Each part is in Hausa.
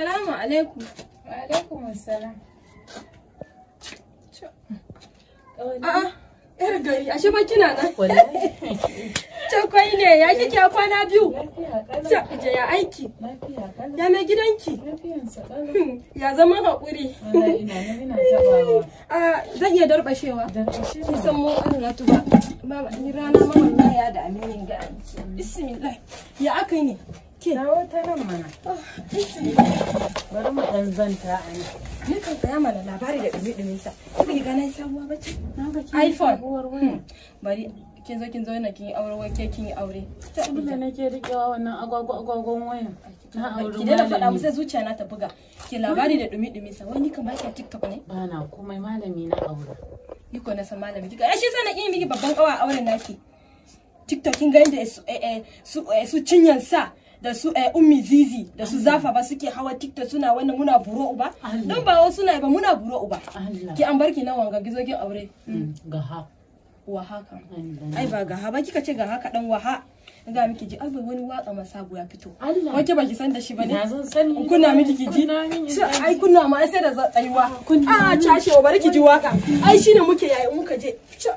Assalamu alaikum. Wa alaikum assalam. A'a, yar gari, ashe ba kina nan. kai ne, ya kike a kwana biyu? Lafiya ya aiki. Ya mai gidanki? Hmm, ya zama Ah, Zan iya darbashewa. Kusan mu an ratu ba. Baba, ni rana mamman ya da aminin ga. Bismillah. Ya aka ne? Ke. Dawo ta nan mana. Bari mu zanta a Ni kan tsaya mana labari da sa. Ki ga na sabuwa bace. Na ga ki. iPhone. Hmm. Bari kin zo kin zo kin yi aure wai ke kin aure. Ta nake rikewa wannan agwagwa Na aure Ki faɗa zuciya na ta buga. labari da ɗumi sa. Wai ni kan ba ki TikTok ne? Ba na komai malami na aure. na san malami kika. shi miki babban kawa auren naki. TikTok kin ga inda eh, eh, eh, su cinyan sa da su eh, ummi zizi da su zafa ba suke hawa tiktok suna wannan muna buro uba don ba wasu na ba muna buro uba ki an barki nan wanga gizo gin aure mm, mm. ga ha wa haka ai ba ga ha ba kika ce ga haka dan wa ha ga miki ji abai wani waka ma sabu ya fito wace ki san da shi bane kuna miki ki ji ai kuna ma sai da tsayuwa a ah, cashe bari ki ji waka ai shine muke yayi muka je cha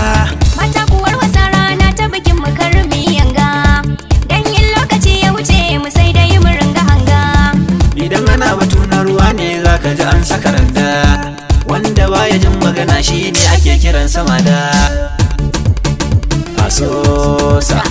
sauran sama da asosa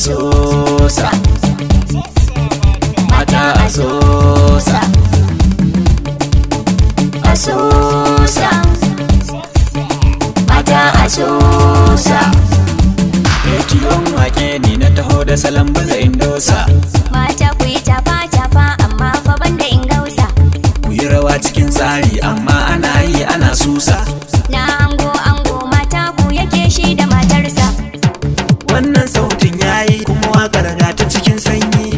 sosa mata a sosa a mata a sosa wake ni na taho da salon baza indosa Mata ku yi tafa tafa amma fa ban in ingausa. Ku yi rawa cikin tsari amma ana yi ana susa Na ango ango mata ku yake shi da matarsa Wannan sauti makarga ta cikin sanyi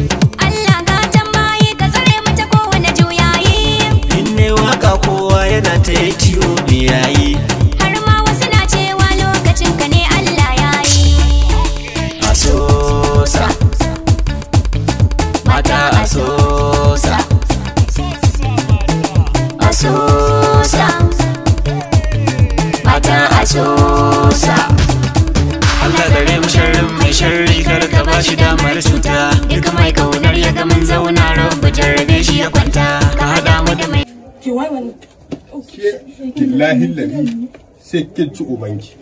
Allah gatan bayi ka tsare mata kowane juyayi in ne waka kowa yana ta yi ciwo yayi har ma wasu na cewa lokacin ka ne Allah ya yi. asosa mata asosa asosa mata asosa Allah dare mu sharrin mai sharri ba shi damar suta duka mai kaunar ya ga mun zauna rabu jarrabe shi ya kwanta ka hada mu da mai ki wai wannan billahi lahi sai kin ci ubanki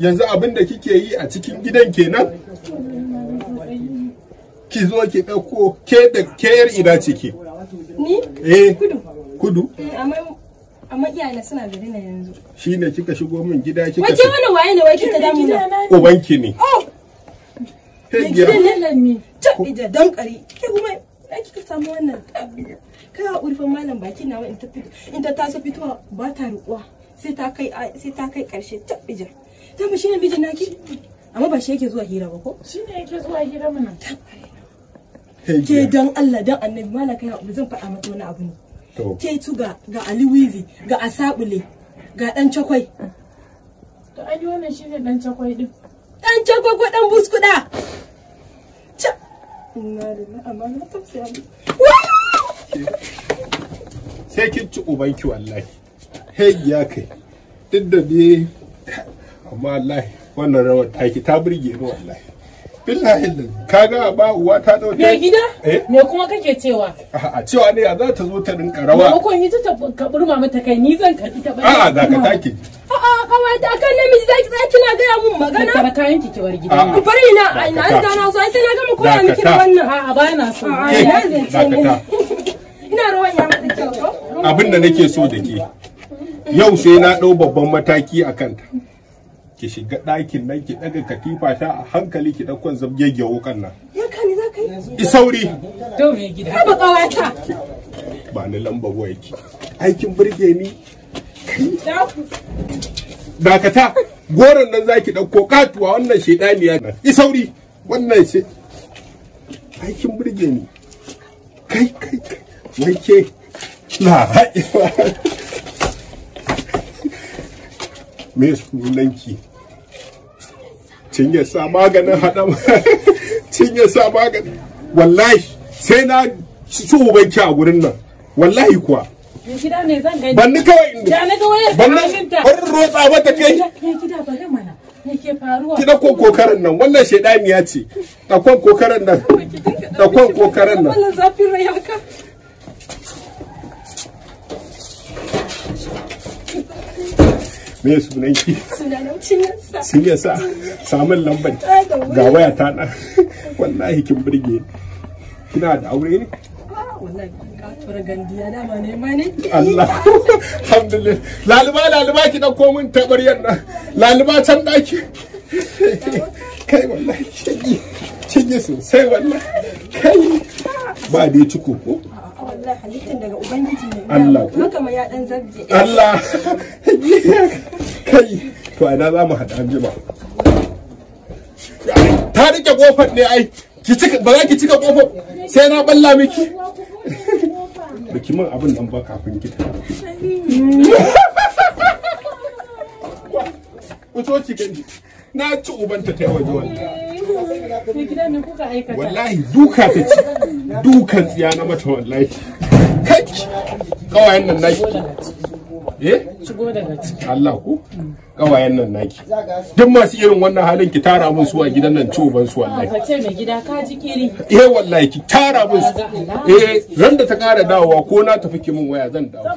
yanzu abin da kike yi a cikin gidan kenan ki zo ki dauko ke da ke yar ina ce ke ni eh kudu kudu eh, amma iyana suna gari na yanzu shine kika shigo min gida kika wace wani waye ne wai kika damu na ubanki ne oh Me gidan ne lammi. Tabi da dankari. Ke kuma ya kika samu wannan tabi. Kai a urfan malam baki nawa in ta fito in ta taso fitowa ba ta rukuwa sai ta kai sai ta kai karshe tabi da. Ta mu shine mijin naki. Amma ba shi yake zuwa hira ba ko? Shine yake zuwa hira mana. Ke dan Allah dan Annabi malam kai haƙuri zan faɗa mata wani abu ne. Ke tu ga ga Aliwizi ga Asabule ga dan cakwai. To an yi wannan shine dan cakwai din. Dan cakwai ko dan buskuda. inna amma na tausaya sai kin ci ubanki wallahi hey ya kai duk da dai amma wallahi wannan rawar taki ta burge ni wallahi billahi kaga ba uwa ta dauke me gida eh? me kuma kake cewa a cewa ne za ta zo ta rinka rawa ba kun yi ta ka burma mata kai ni zan karbi ta ba A'a, za ka take a a kawai ta kan namiji zaki zaki na ga magana ki a'a ba na so nake so da ke yau sai na dau babban mataki a kanta ki shiga ɗakin nan ki ɗaga katifa ta a hankali ki ɗauko zabgegiyar wukan nan i sauri to me gida ba kawata ba ni lamba ki aikin burge ni dakata goron nan zaki ɗauko katuwa wannan ya nan isauri wannan shi aikin burge ni kai kai kai wai ke na me sunanki cinye sa maganin haɗam cinye sa maganin wallahi sai na su ubanki a gurin nan wallahi kuwa Mai gida me zan gani? Banni kawai inda. Da na ga wayar ta hannunta. Banni rotsa mata kai. Mai gida bari mana. faruwa? Ki kokarin nan wannan shaidaniya ce. Dauko kokarin nan. Dauko kokarin nan. Wannan me sunan ki sa samun lambar ga waya ta wallahi kin burge kina da aure ne wallahi lalima Allah ki dauko min tabaryar nan laliba can daki kai wallahi cinye sosai wallahi kai ba ciko ko Allah Ki cika ba ki cika kofar sai na balla miki. da ki abin nan ba kafin ki wutoci gani na ci ubanta ta waje wallahi wallahi duka ta ci duka tsiya na mata wallahi kai kawayen nan naki eh shigo daga ciki Allah ku kawayen nan naki duk masu irin wannan halin ki tara mun su a gidan nan ciwo ban su wallahi ka ce mai gida ka ji kiri eh wallahi ki tara mun su eh ran da ta kara dawowa ko na tafi ki mun waya zan dawo